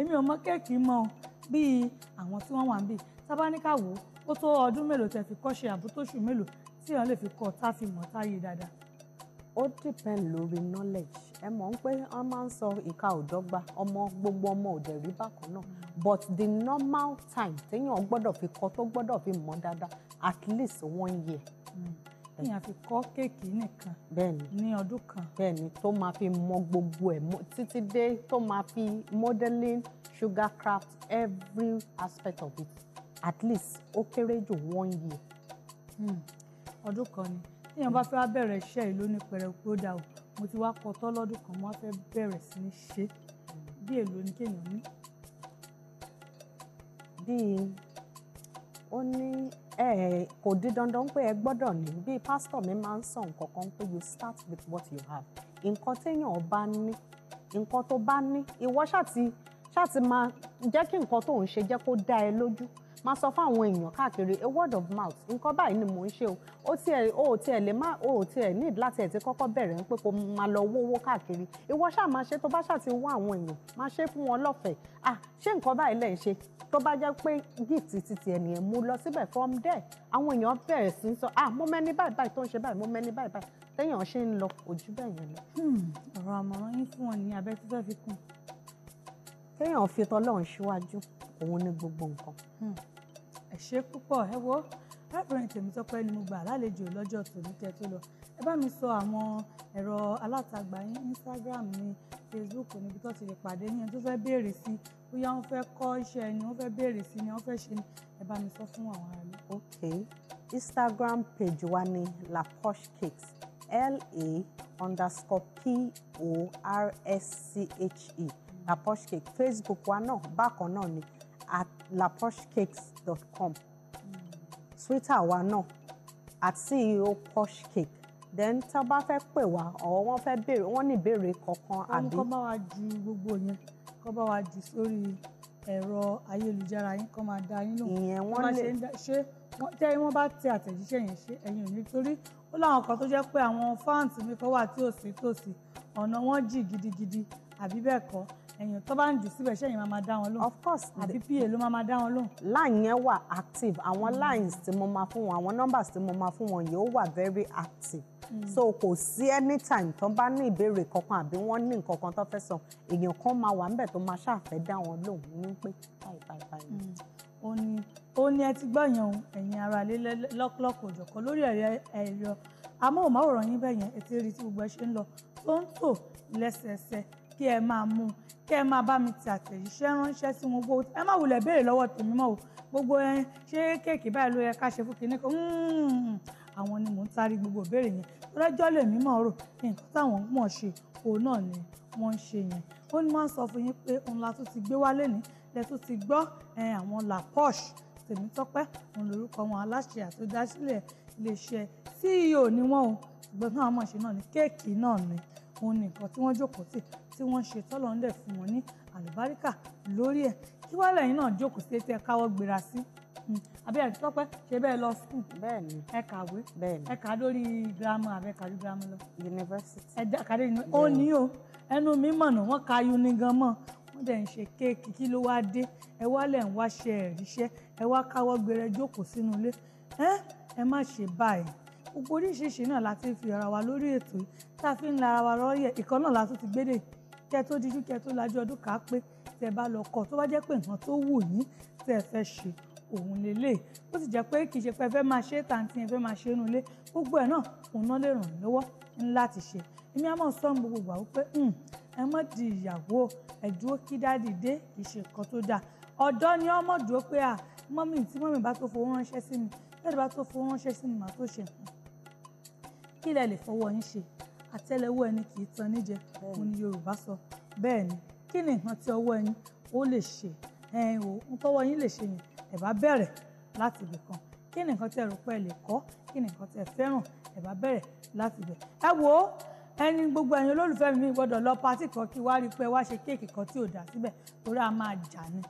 Èmi ò mọ kéèkì mọ̀ bí àwọn tí wọ́n wà níbí. Tá bá ní ká wò ó tó ọdún mélòó tí ẹ fi kọ́ṣẹ́ àbótóṣù mélòó tí èèyàn lè fi kọ́ tá fi mọ̀ táyé dáadáa. Ó depend lórí knowledge. Ẹ mọ̀ pé wọ́n máa ń sọ ìka ò dọ́gba, ọmọ gbogbo ọmọ ò dẹ̀ rí bákan náà. But the normal time tí èèyàn gbọ́dọ̀ fi kọ́ tó gbọ́dọ̀ fi mọ̀ dáadáa at least one year. Mm èèyàn fi kọ́ kéèkì nìkan bẹ́ẹ̀ni ní ọdún kan bẹ́ẹ̀ni tó máa fi mọ gbogbo ẹ̀ títí dé tó máa fi modeling sugar craft every aspect of it at least ó kéré jù one year. Hmm. ọdún kan ni téèyàn bá fẹ́ wá bẹ̀rẹ̀ iṣẹ́ ìlú ní pẹrẹwu ó dà o mo ti wá kọ́tọ́ lọ́dún kan mo wá fẹ́ bẹ̀rẹ̀ sí ní ṣe bí èlò ni kéèyàn ní. bíi ó ní kò di dandan pé ẹ gbọ́dọ̀ ní bí pásítọ̀ mi máa ń sọ nǹkan kan pé you start with what you have nǹkan téèyàn bá ní nǹkan tó bá ní ìwọ ṣáà ti ṣáà ti máa jẹ́ kí nǹkan tó ń ṣe jẹ́ kó dá ẹ lójú máa sọ fáwọn èèyàn káàkiri a oh, word of mouth nǹkan báyìí ni mò ń ṣe o ó tiẹ̀ o ò tiẹ̀ lè má o ò tiẹ̀ need láti ẹ̀ ti kọ́kọ́ bẹ̀rẹ̀ ń pé kó máa lọ wówó káàkiri ìwọ ṣáà máa ṣe tó bá ṣáà ti wá àwọn èèyàn máa ṣe fún wọn lọ́fẹ̀ẹ́ ah ṣé nǹkan báyìí lẹ̀ ń ṣe tó bá jẹ́ pé gift ti ti ẹnìyẹn mú lọ síbẹ̀ from there àwọn èèyàn bẹ̀rẹ̀ sí sọ ah mo mẹ́ni báyìí báyìí tó ń ṣe báyìí mo mẹ́ni báyìí báyìí téèyàn ṣe ń lọ ojú bẹ́ẹ̀ yẹn lọ. Hmm, ọ̀rọ̀ àmọ̀ràn yín fún wọn ní abẹ́ tó fẹ́ fi kún. kéèyàn fi tọ́lọ́run síwájú òun ni gbogbo nǹkan. Hmm ẹ ṣe púpọ̀ ẹ wo arábìnrin Tèmítọ́pẹ́ ni mo gbà lálejò lọ́jọ́ tòní kẹ́ tó lọ ẹ bá mi sọ àwọn ẹ̀rọ alátagbà yín Instagram ni Facebook níbi tó ti lè pàdé ní ẹni tó fẹ́ béèrè sí bóyá wọ́n fẹ́ kọ́ iṣẹ́ ni wọ́n fẹ́ béèrè sí ni wọ́n fẹ́ ṣe ni ẹ bá mi sọ fún àwọn ará ok Instagram page wa ni laposhcakes la underscore p o r s c h e la Posh Cakes. Facebook wa náà bákan náà ni at Cakes dot com twitter wa náà at ceo posh cake then tá a bá fẹ́ pè wá ọ̀ wọ́n fẹ́ béèrè wọ́n ní ìbéèrè kankan àbí. wọ́n kọ́ bá wa ju gbogbo yẹn kọ́ bá wa jù sórí ẹ̀rọ ayélujára yín kọ́ máa da yín lò. ìyẹn wọ́n lè ṣe tẹ́ wọ́n bá tẹ àtẹ̀jíṣẹ́ yẹn ṣe ẹ̀yin ò ní torí ó láwọn kan tó jẹ́ pé àwọn fáǹtì mi kan wà tí ò sí tòsí ọ̀nà wọn jì gidigidi àbí bẹ́ẹ̀ kọ́ ẹ̀yìn tó bá ń jù síbẹ̀ ṣẹ́yìn máa máa dá wọn lóhùn. of course àbí pa ló máa máa dá wọn lóhùn. line yẹn wà active àwọn lines tí mo máa fún wọn àwọn numbers tí mo máa fún wọn yìí wà very active. Hmm. so kò sí anytime tó bá ní ìbéèrè kankan àbí wọ́n ní nǹkan kan tó fẹ́ sọ èèyàn kan máa wà níbẹ̀ tó máa ṣàfẹ́ dá wọn lóhùn ní pé báyìí báyìí báyìí. Hmm. ó ní ó ní ẹ ti gbọ́ yẹn o ẹ̀yin ara lé lọ́kọ̀lọ́kọ̀ òjọ̀kan lórí ẹ̀rọ amóhùnmáwòrán yín bẹ́ẹ̀ yẹn ètò èrè tí gbogbo ẹ ṣe ń lọ tó ń tò lẹ́sẹẹsẹ kí ẹ máa mú un kí ẹ máa bá mi ti àtẹ̀jíṣẹ́ ránṣẹ́ sí wọn gbogbo ẹ má wulẹ̀ béèrè lọ́wọ́ tèmi mọ́ o gbogbo ẹ ṣé kéèkì báyìí ló yẹ ká ṣe fún kinní kan hmm, àwọn ni mò ń tarí gbogbo ìbéèrè yẹn lọ́jọ́ lèmi mọ̀ rò nǹkan táwọn mọ̀ ṣe òun náà ni wọ́n ń ṣe yẹn ó ní máa ń sọ fún yín pé òun la tún ti gbé wálé ní lẹ tún ti gbọ́ àwọn la posh Tèmítọ́pẹ́ òun lórúkọ wọn aláṣẹ àtúndásílẹ̀ iléeṣẹ́ CEO ni wọ́n o ṣùgbọ́n táwọn mọ̀ ṣe náà ni kéèkì náà ni òun ni nǹkan tí wọ́n jókòó tì tí wọ́n ṣe tọ́lọ̀ ń dẹ̀ fún wọn ní àlùbáríkà lórí ẹ̀ kí wàá lẹ́yìn náà jókòó sí etí ẹ káwọ́ gbéra sí hmm. àbí àti tọ́pẹ́ ṣe bẹ́ẹ̀ lọ skul bẹ́ẹ̀ni ẹ kàwé bẹ́ẹ̀ni ẹ kà lórí girama àbẹ kà lórí girama lọ. yunifásitì ẹ dá kàdé yunifásitì ó ní o ẹnu mi mọ̀nà wọ́n ka yuni gan mọ́ wọ́n dẹ̀ ń ṣe kéèkì kí ló wáá dé ẹ wá lẹ̀ ń wáṣẹ ẹ̀ríṣẹ́ ẹ wá káwọ́ gbéra jókòó sínú ilé ẹ má ṣe báyìí gbogbo oríṣiríṣi náà la fi ara wa lórí ètò yìí tá a fi ń la ara wa lọ́yẹ̀ ìkan náà la tún ti gbédè yìí kẹ tó dijú kẹ tó lajú ọdún kà á pé tẹ bá lọ kọ tó bá jẹ́ pé nǹkan tó wù yín tẹ fẹ́ ṣe òun lélẹ̀ ó sì jẹ́ pé kì í ṣe pé ẹ fẹ́ máa ṣe é tàǹtí ẹ fẹ́ máa ṣe é nu ilé gbogbo ẹ̀ náà òun náà lè ràn lọ́wọ́ láti ṣe èmi á mọ̀ sọ́n gbogbo ìgbà wípé hmm, ẹ mọ̀ di ìyàwó ẹ dúró kí dáàdì dé kì í ṣe nǹkan tó dáa ọ̀dọ́ ni ọmọ dúró pé à mọ́mì tí mọ́mì bá tó fowó ránṣẹ́ sí mi bẹ́ẹ̀ bá tó fowó ránṣẹ́ sí mi màá tó ṣe nǹkan kí lẹ lè fọwọ́ yín ṣe àtẹ́lẹwọ́ ẹni kì í tan níjẹ òun ni Yorùbá sọ bẹ́ẹ̀ ni kí ni nǹkan tí ọwọ́ ẹyin ó lè ṣe ẹyin o ń tọ́wọ́ yín lè ṣe yẹn ẹ bá bẹ̀rẹ̀ láti ibì kan kí ni nǹkan tí ẹ rò pé ẹ lè kọ́ kí ni nǹkan tí ẹ fẹ́ràn ẹ bá bẹ̀rẹ̀ láti ibẹ̀ ẹ wo ẹni gbogbo ẹyin olólùfẹ́ mi gbọ́dọ̀ lọ patí kan kí wá rí i pé wá ṣe kéèkì kan tí ò dá síbẹ̀ torí a máa jà ni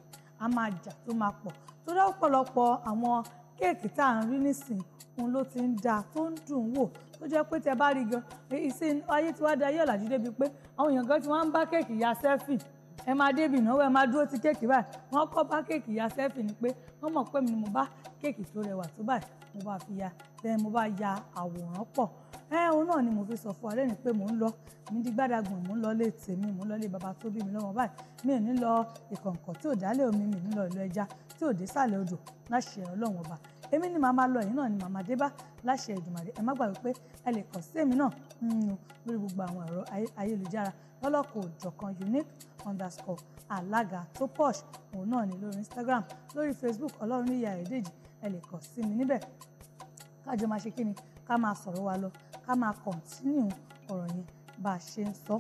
a máa jà tó máa pọ̀ tó ọ̀pọ̀lọpọ̀ àwọn kéèkì tá à ń rí nísìn òun ló ti ń da tó ń dùn wò tó jẹ́ pé tẹ bá rí gan ìsìn ayé tí wàá da ayé ọ̀làjú débi pé àwọn èèyàn gan ti wọ́n ń bá kéèkì ya sẹ́fì ẹ máa débi ìnáwó ẹ máa dúró ti kéèkì báyìí wọ́n kọ́ bá kéèkì ya sẹ́fì ni pé wọ́n mọ̀ pé mi ni mo bá kéèkì tó rẹwà tó báyìí mo bá fi ya then mo bá ya àwòrán pọ̀ ẹ òun náà ni mo fi sọ fún wa lẹ́nu pé mò ń lọ mi di gbàdàgbọ̀n mò ń lọ lé tèmi mò ń lọ lé bàbá tó bí mi lọ́mọ báyìí mi ò ní lọ ìkọ̀ǹkọ̀ tí ò dálé omi mi ní lọ ìlú ẹja tí ò dé sàlẹ̀ odò láṣẹ ọlọ́run ọba èmi ni màmá lọ yìí náà ni màmá dé bá láṣẹ ìdùmàdé ẹ má gbàgbé pé ẹ lè kàn sí èmi náà hmm, lórí gbogbo àwọn ẹ̀rọ ayélujára lọ́lọ́kọ̀ òjọ̀kan unique underscore alága tó posh òun náà ni lórí Instagram lórí Facebook ọlọ́run níyà ẹ̀ẹ́dẹ́jì ẹ lè kàn sí mi níbẹ̀ kájọ máa ṣe kí ni ká máa sọ̀rọ̀ wa lọ ká máa continue ọ̀rọ̀ yẹn bá a ṣe ń sọ.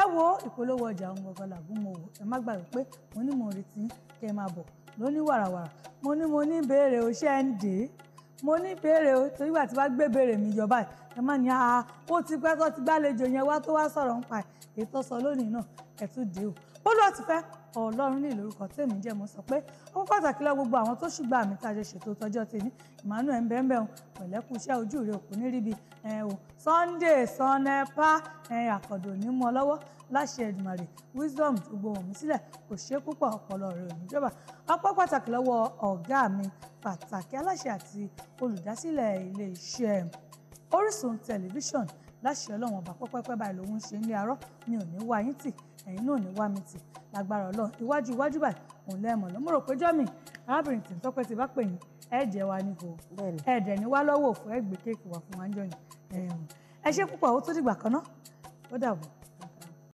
ẹ wo ìpolówó ọjà ohun gbọ̀ngàn làbú mo wò ẹ má gbàgbé pé mo ní mo retí kẹ́ máa bọ̀ lóní wàràwàrà mo ní mo ní béèrè o ṣé ẹ ń dè é mo ní béèrè o torí ìgbà tí wàá gbé béèrè mi yọ báyìí ẹ má ní a ó ti pẹ́ tó ti gbàlejò yẹn wá tó wá sọ̀rọ̀ ń pa ètò sọ lónìí náà ẹ̀ tún dé o bó lọ́ọ́ ti fẹ́ ọlọ́run ní ìlórúkọ tèmi jẹ́ mo sọ pé ó pàtàkì lọ gbogbo àwọn tó ṣùgbọ́n àmì tá a ṣe ṣètò tọjọ́ tèmi Emmanuel mbẹ́mbẹ́ o pẹ̀lẹ́kù iṣẹ́ ojú rẹ òkú ní ríbi o Sunday Sọnẹ́pà àkọ́dọ̀ ní mọ́ lọ́wọ́ láṣẹ Èdùmàrè wisdom tó gbowó mi sílẹ̀ kò ṣe púpọ̀ ọpọlọ rẹ ò ní jọba ọpọ́ pàtàkì lọ́wọ́ ọ̀gá mi pàtàkì aláṣẹ àti olùdásílẹ̀ ilé iṣẹ́ Orísun tẹlifíṣàn láṣẹ ọlọ́run ọba pẹ́pẹ́pẹ́ báyìí lòun ṣe ní arọ́ mi ò ní wá yín tì ẹ̀yin náà ní wá mi tì lágbára ọlọ́run iwájú iwájú báyìí òun lẹ́ẹ̀mọ̀ lọ mo rò pé jọ́mì arábìnrin tí ń tọ́pẹ́ ti bá pè yín ẹ jẹ́ wa ní o ẹ dẹ̀ ní wá lọ́wọ́ òfò ẹ gbé kéèkì wá fún wa ń jọ ni ẹ ṣe púpọ̀ ó tó dìgbà kan náà ó dàbọ̀.